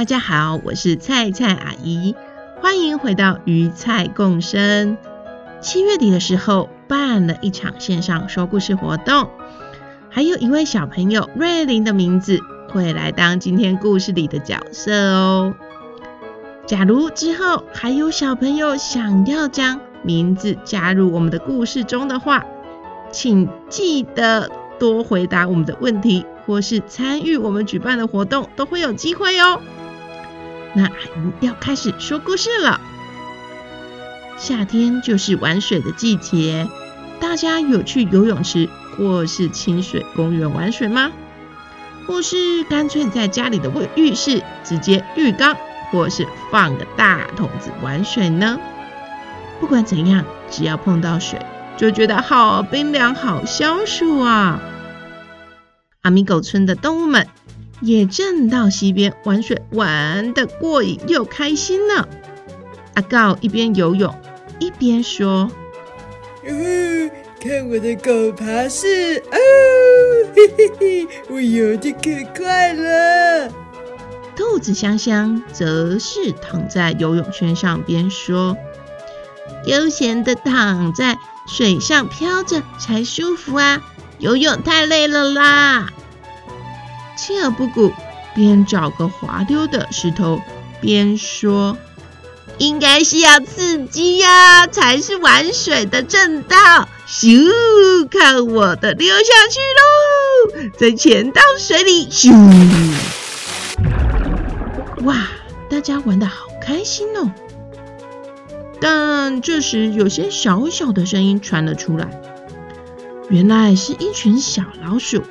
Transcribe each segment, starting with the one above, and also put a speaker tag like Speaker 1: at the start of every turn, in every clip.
Speaker 1: 大家好，我是菜菜阿姨，歡迎回到魚菜共聲。七月底的時候辦了一場線上說故事活動，還有一位小朋友瑞玲的名字會來當今天故事裡的角色喔。假如之後還有小朋友想要將名字加入我們的故事中的話，請記得多回答我們的問題，或是參與我們舉辦的活動，都會有機會喔。那阿姨要開始說故事了。夏天就是玩水的季節，大家有去游泳池或是清水公園玩水嗎？或是乾脆在家裡的衛浴室直接浴缸，或是放個大桶子玩水呢？不管怎樣，只要碰到水，就覺得好冰涼，好消暑啊！阿米狗村的動物們。也正到溪邊玩水，玩得過癮又開心呢。阿告一邊游泳一邊說、呃：“看我的狗爬式啊、哦，我游得可快了。”兔子香香則是躺在游泳圈上邊說：“悠閒的躺在水上漂着才舒服啊，游泳太累了啦。”輕而不鼓，邊找個滑溜的石頭，邊說：“應該是要刺激呀、啊，才是玩水的正道。”咻，看我的，溜下去咯，再潛到水裡，咻！哇，大家玩得好開心哦！但這時有些小小的聲音傳了出來，原來是一群小老鼠。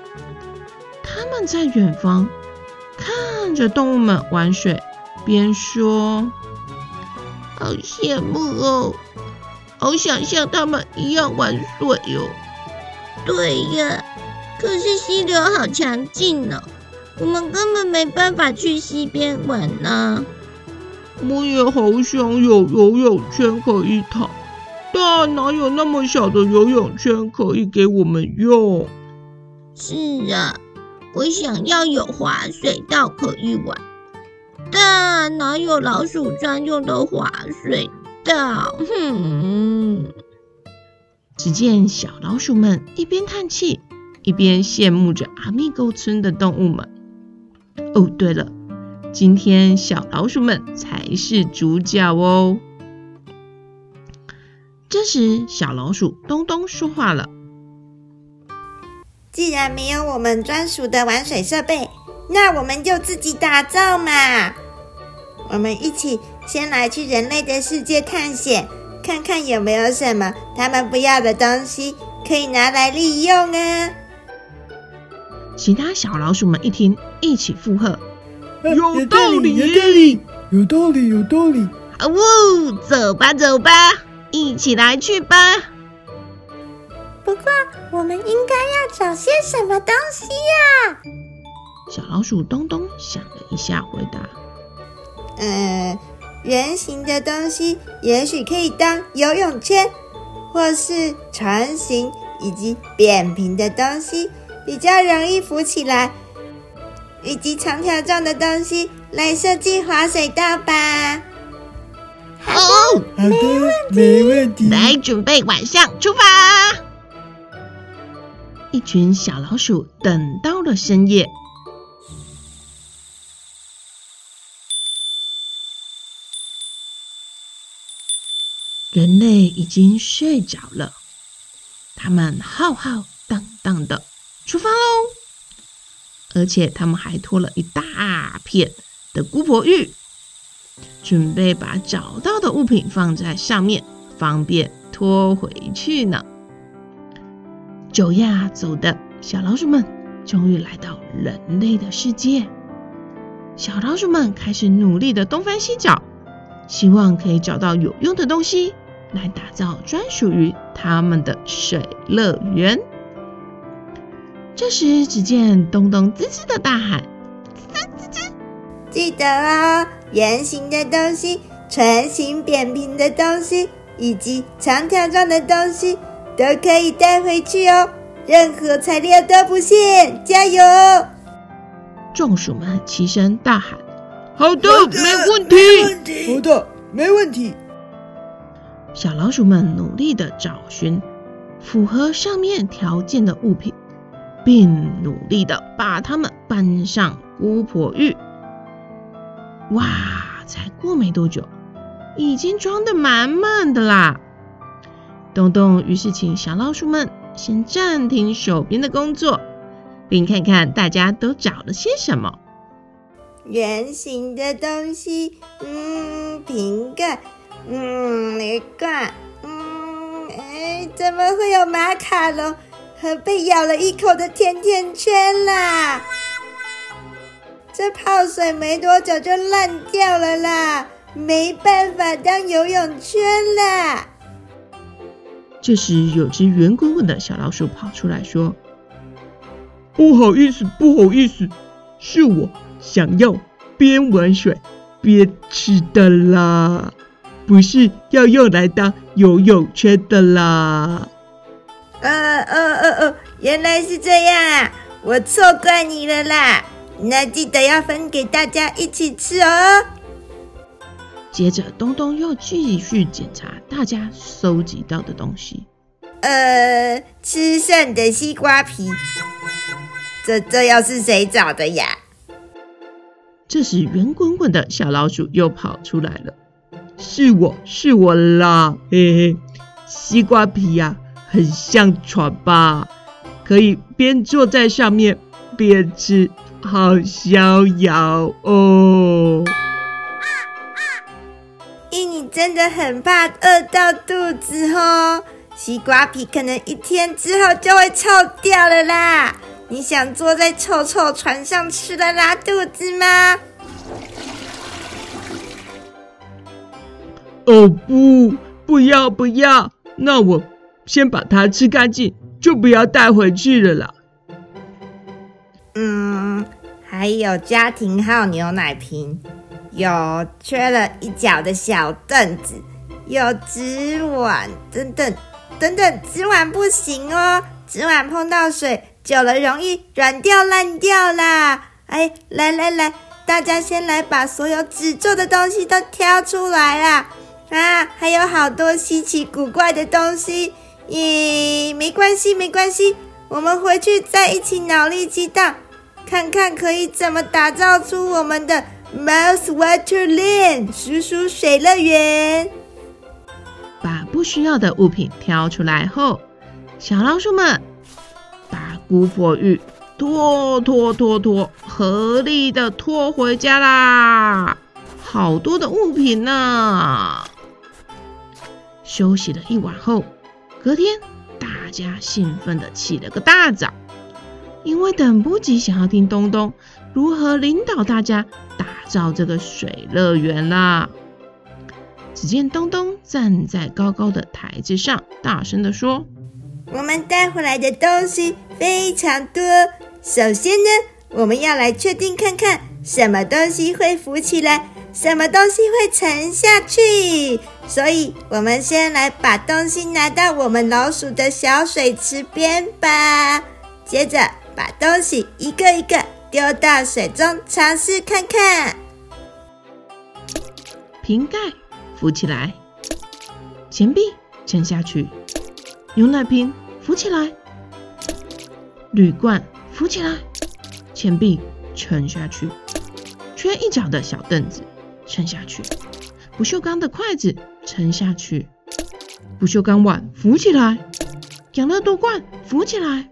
Speaker 1: 站在遠方看着動物們玩水，邊說：“好羨慕哦，好想像他們一樣玩水喲、哦。”對呀，可是溪流好強勁呢，我們根本沒辦法去溪邊玩呢、啊。我也好想有游泳圈可以躺，但哪有那麼小的游泳圈可以給我們用？是啊。我想要有滑水道可以玩，但哪有老鼠專用的滑水道？哼、嗯！只見小老鼠們一邊嘆氣，一邊羨慕着阿密溝村的動物們。哦，對了，今天小老鼠們才是主角哦。這時，小老鼠咚咚說話了。
Speaker 2: 既然沒有我們專屬的玩水設備，那我們就自己打造嘛！我們一起先來去人類的世界探險，看看有沒有什麼他們不要的東西可以拿來利用啊！
Speaker 1: 其他小老鼠們一聽，一起附和，
Speaker 2: 啊：“有道理，有道
Speaker 1: 理，有道理，有道理！”啊嗚，走吧，走吧，一
Speaker 2: 起來去吧！不過，我們應該要找些什麼東西呀、啊？
Speaker 1: 小老鼠咚咚想了一下，回答：“
Speaker 2: 呃，圓形的東西也許可以當游泳圈，或是船型，以及扁平的東西比較容易浮起來，以及長條狀的東西來設計滑水道吧。”好，好的，沒問題。來，準備晚上出發。
Speaker 1: 一群小老鼠等到了深夜，人類已經睡着了。他們浩浩蕩蕩的出發嘍，而且他們還拖了一大片的姑婆芋，準備把找到的物品放在上面，方便拖回去呢。走呀走的，小老鼠們終於來到人類的世界。小老鼠們開始努力地東翻西找，希望可以找到有用的東西來打造專屬於他們的水樂園。
Speaker 2: 這時，只見咚咚滋滋的大喊：“記得哦，圓形的東西、唇形扁平的東西以及長條狀的東西。”都可以帶回去哦，任何材料都不限，加油！
Speaker 1: 眾鼠們齊聲大
Speaker 2: 喊：“
Speaker 1: 好的，沒問題，好的，沒問題。”小老鼠們努力的找尋符合上面條件的物品，並努力的把它們搬上巫婆浴。哇，才過沒多久，已經裝的滿滿的啦！咚咚於是請小老鼠們先暫停手邊的工作，並看看大家都找了些什麼。
Speaker 2: 圓形的東西，嗯，瓶蓋，嗯，奶罐，嗯，哎、欸，怎麼會有馬卡龍和被咬了一口的甜甜圈啦？這泡水沒多久就爛掉了啦，沒辦法當游泳圈啦。
Speaker 1: 這時，有隻圓滾滾的小老鼠跑出來，說：“不好意思，不好意思，是我想要邊玩水邊吃的啦，不是要用來當游泳圈的啦。
Speaker 2: 呃”“呃呃呃呃，原來是這樣啊，我錯怪你了啦，那記得要分給大家一起吃哦。”
Speaker 1: 接着，東東又繼續檢查大家收集到的東西。
Speaker 2: 呃，吃剩的西瓜皮，這這又是誰找的呀？
Speaker 1: 這時，圓滾滾的小老鼠又跑出來了。是我是我啦，嘿嘿。西瓜皮呀，啊，很像船吧？可以邊坐
Speaker 2: 在上面邊吃，好逍遙哦。真的很怕餓到肚子哦，西瓜皮可能一天之後就會臭掉了啦。你想坐在臭臭船上吃了拉肚子嗎？哦不，不要不
Speaker 1: 要，那我先把它吃乾淨，就不要帶回去了啦。嗯，
Speaker 2: 還有家庭號牛奶瓶。有缺了一角的小凳子，有紙碗等等等等，紙碗不行哦，紙碗碰，碰到水久了容易軟掉爛掉啦。哎，來來來，大家先來把所有紙做的東西都挑出來啦。啊，還有好多稀奇古怪的東西。咦、嗯，沒關係沒關係，我們回去再一起腦力激盪，看看可以怎麼打造出我們的。Mouse Waterland 鼠鼠水樂園，
Speaker 1: 把不需要的物品挑出來後，小老鼠們把姑婆芋拖拖拖拖，合力的拖回家啦！好多的物品呢。休息了一晚後，隔天大家興奮的起了個大早，因為等不及想要聽咚咚如何領導大家打。造這個水樂園啦！只見咚咚站在高高的台
Speaker 2: 子上，大聲地說：“我們帶回來的東西非常多。首先呢，我們要來確定看看什麼東西會浮起來，什麼東西會沉下去。所以，我們先來把東西拿到我們老鼠的小水池邊吧。接着，把東西一個一個。”丟到水中，嘗試看看。瓶蓋浮起來，錢幣
Speaker 1: 沉下去。牛奶瓶浮起來，鋁罐浮起來，錢幣沉下去。缺一角的小凳子沉下去，不鏽鋼的筷子沉下去，不鏽鋼碗浮起來，養樂多罐浮起來，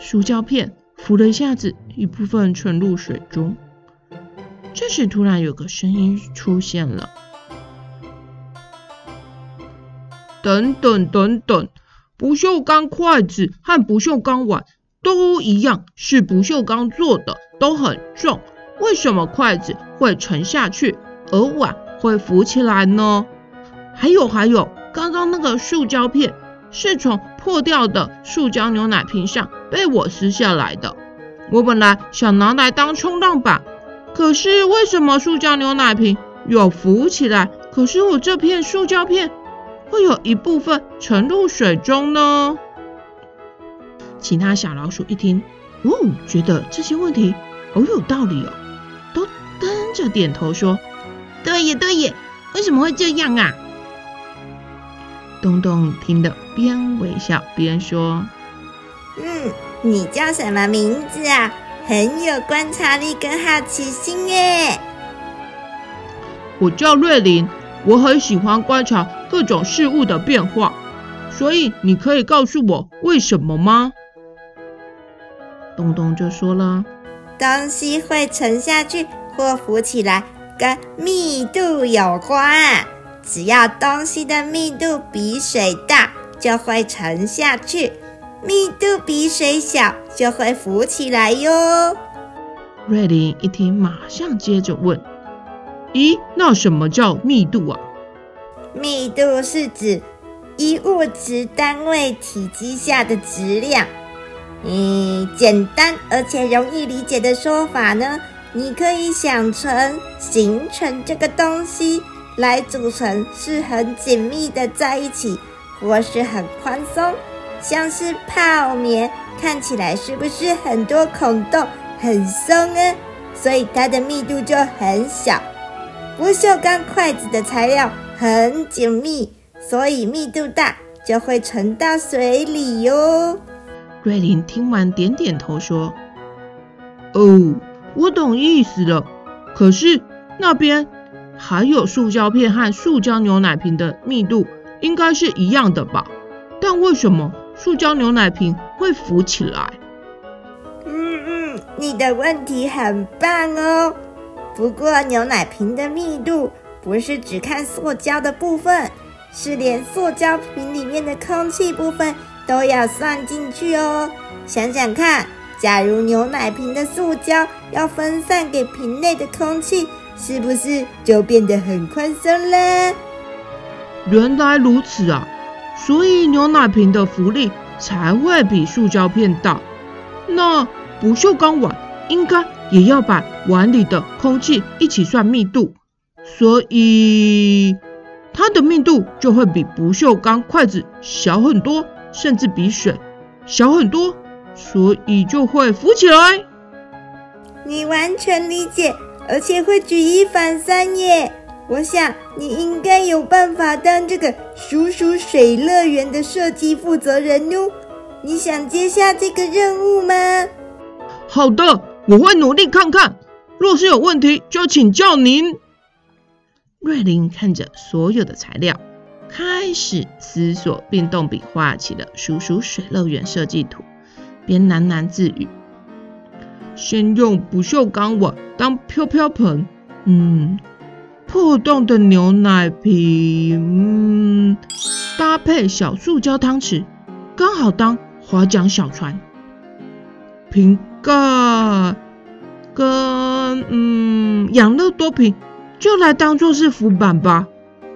Speaker 1: 塑膠片。浮了一下子，一部分沉入水中。這時突然有個聲音出現了：“等等等等，不鏽鋼筷子和不鏽鋼碗都一樣，是不鏽鋼做的，都很重。為什麼筷子會沉下去，而碗會浮起來呢？還有還有，剛剛那個塑膠片是從……”破掉的塑膠牛奶瓶上被我撕下來的，我本來想拿來當衝浪板，可是為什麼塑膠牛奶瓶有浮起來，可是我這片塑膠片會有一部分沉入水中呢？其他小老鼠一聽，哦，覺得這些問題好有道理哦，都跟着點頭說，對耶，對耶，為什麼會這樣啊？東東聽得邊微笑邊說：“
Speaker 2: 嗯，你叫什麼名字啊？很有觀察力跟好奇心耶。”
Speaker 1: 我叫瑞林，我很喜歡觀察各種事物的變化，所以你可以告訴我為什麼嗎？
Speaker 2: 東東就說了：“東西會沉下去或浮起來，跟密度有關。”只要東西的密度比水大，就會沉下去；密度比水小，就會浮起來喲。
Speaker 1: 瑞 y 一聽，馬上接着問：“咦，那什麼叫密度啊？”
Speaker 2: 密度是指一物質單位體積下的質量。嗯，簡單而且容易理解的說法呢，你可以想成形成這個東西。來組成是很緊密的在一起，或是很寬鬆，像是泡棉，看起來是不是很多孔洞，很鬆呢、啊？所以它的密度就很小。不鏽鋼筷子的材料很緊密，所以密度大，就會沉到水裡喲、哦。瑞林聽完點點頭
Speaker 1: 說：“哦，我懂意思了。可是那邊……”還有塑膠片和塑膠牛奶瓶的密度應該是一樣的吧？但為什麼塑膠牛奶瓶會浮起來？
Speaker 2: 嗯嗯，你的問題很棒哦。不過牛奶瓶的密度不是只看塑膠的部分，是連塑膠瓶裡面的空氣部分都要算進去哦。想想看，假如牛奶瓶的塑膠要分散給瓶內的空氣。是不是就變得很寬鬆了？原來如此啊，
Speaker 1: 所以牛奶瓶的浮力才會比塑膠片大。那不鏽鋼碗應該也要把碗裡的空氣一起算密度，所以它的密度就會比不鏽鋼筷子小很多，甚至比水小很多，所以就會浮起來。
Speaker 2: 你完全理解。而且會舉一反三耶，我想你應該有辦法當這個鼠鼠水樂園的設計負責人嘍。你想接下這個任務嗎？好的，我會努力看看。若是有問題，就請教您。
Speaker 1: 瑞林看着所有的材料，開始思索並動筆畫起了鼠鼠水樂園設計圖，便喃喃自語。先用不鏽鋼碗當飄飄盆，嗯，破洞的牛奶瓶，嗯，搭配小塑膠湯匙，剛好當划槳小船。瓶蓋跟，嗯，養樂多瓶就來當做是浮板吧，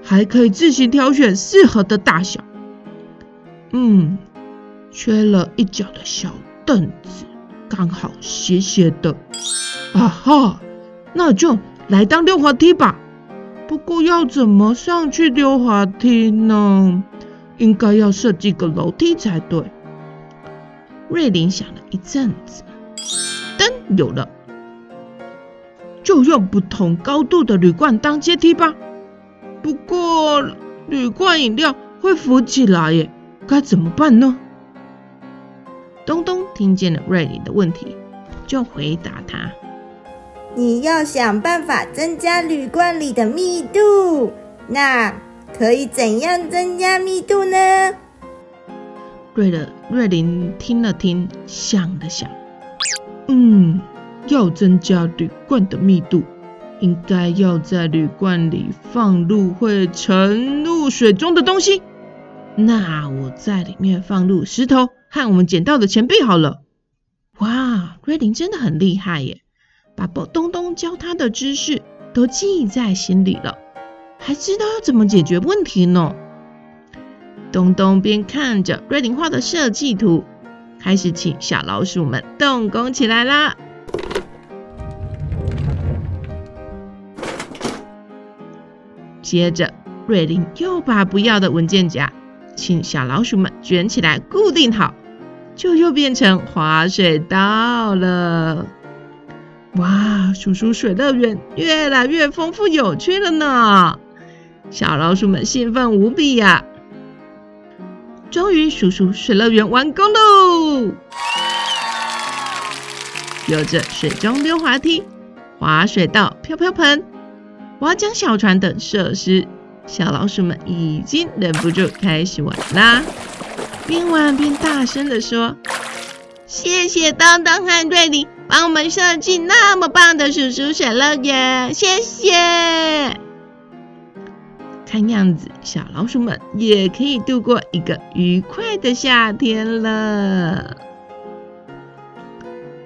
Speaker 1: 還可以自行挑選適合的大小。嗯，缺了一角的小凳子。剛好斜斜的，啊哈，那就來當溜滑梯吧。不過要怎麼上去溜滑梯呢？應該要設計個樓梯才對。瑞林想了一陣子，燈有了，就用不同高度的鋁罐當階梯吧。不過鋁罐飲料會浮起來耶，該怎麼辦呢？東東聽見了瑞琳的問題，就回答他：“
Speaker 2: 你要想辦法增加鋁罐裡的密度，那可以怎樣增加密度呢？”
Speaker 1: 對了，瑞琳聽了聽，想了想，嗯，要增加鋁罐的密度，應該要在鋁罐裡放入會沉入水中的東西。那我在裡面放入石頭和我們撿到的錢幣好了。哇，瑞琳真的很厲害耶，把咚咚教她的知識都記在心裡了，還知道怎麼解決問題呢。咚咚邊看着瑞琳畫的設計圖，開始請小老鼠們動工起來啦。接着，瑞琳又把不要的文件夾。請小老鼠們捲起來固定好，就又變成滑水道了。哇，鼠鼠水樂園越來越豐富有趣了呢！小老鼠們興奮無比呀、啊！終於，鼠鼠水樂園完工嘍！有着水中溜滑梯、滑水道、漂漂盆、划槳小船等設施。小老鼠們已經忍不住開始玩啦，邊玩邊大聲地說：“謝謝咚咚團隊裡幫我們設計那麼棒的鼠鼠水樂園，謝謝！”看樣子，小老鼠們也可以度過一個愉快的夏天了。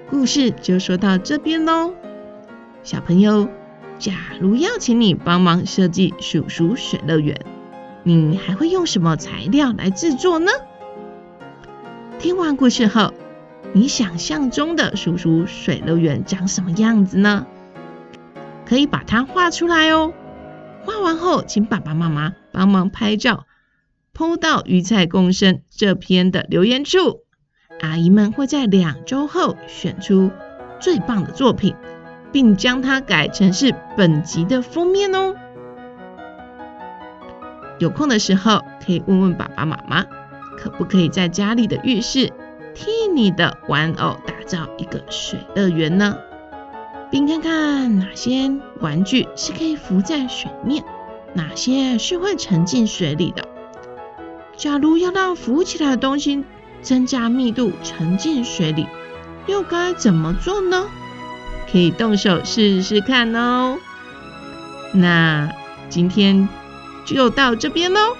Speaker 1: 故事就說到這邊嘍，小朋友。假如要請你幫忙設計鼠鼠水樂園，你還會用什麼材料來制作呢？聽完故事後，你想象中的鼠鼠水樂園長什麼樣子呢？可以把它畫出來哦。畫完後，請爸爸媽媽幫忙拍照，PO 到魚菜共生這篇的留言處。阿姨們會在兩週後選出最棒的作品。並將它改成是本集的封面哦。有空的時候，可以問問爸爸媽媽，可不可以在家裡的浴室替你的玩偶打造一個水樂園呢？並看看哪些玩具是可以浮在水面，哪些是會沉進水裡的。假如要讓浮起來的東西增加密度沉進水裡，又該怎麼做呢？可以動手試試看哦。那今天就到這邊嘍，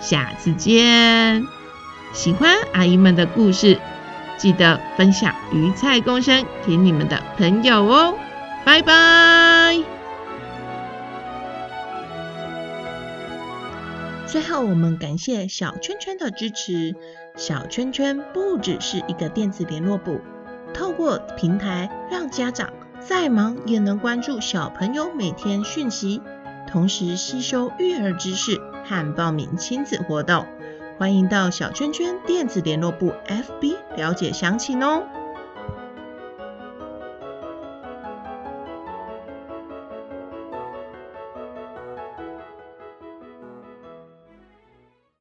Speaker 1: 下次見。喜歡阿姨們的故事，記得分享魚菜共聲給你們的朋友哦。拜拜。最後，我們感謝小圈圈的支持。小圈圈不只是一個電子聯絡簿，透過平台讓家長。再忙也能關注小朋友每天訊息，同時吸收育兒知識和報名親子活動，歡迎到小圈圈電子聯絡簿 FB 了解詳情哦。